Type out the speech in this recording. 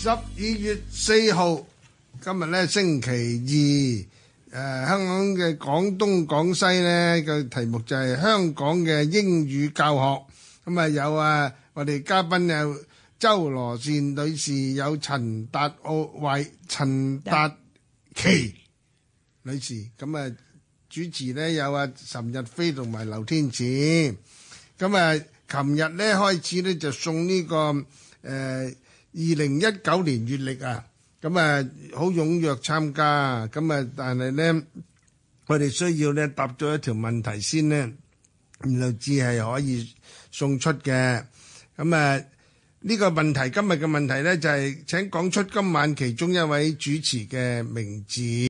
十二月四號，今日咧星期二，誒、呃，香港嘅廣東廣西咧嘅題目就係香港嘅英語教學，咁、嗯、啊有啊我哋嘉賓有周蘿茜女士，有陳達奧慧陳達淇女士，咁、嗯、啊主持咧有啊岑逸飛同埋劉天賜，咁啊琴日咧開始咧就送呢、這個誒。呃二零一九年月曆啊，咁啊好踴躍參加，咁啊但係咧，我哋需要咧答咗一條問題先咧，然後至係可以送出嘅。咁啊呢個問題今日嘅問題咧就係，請講出今晚其中一位主持嘅名字。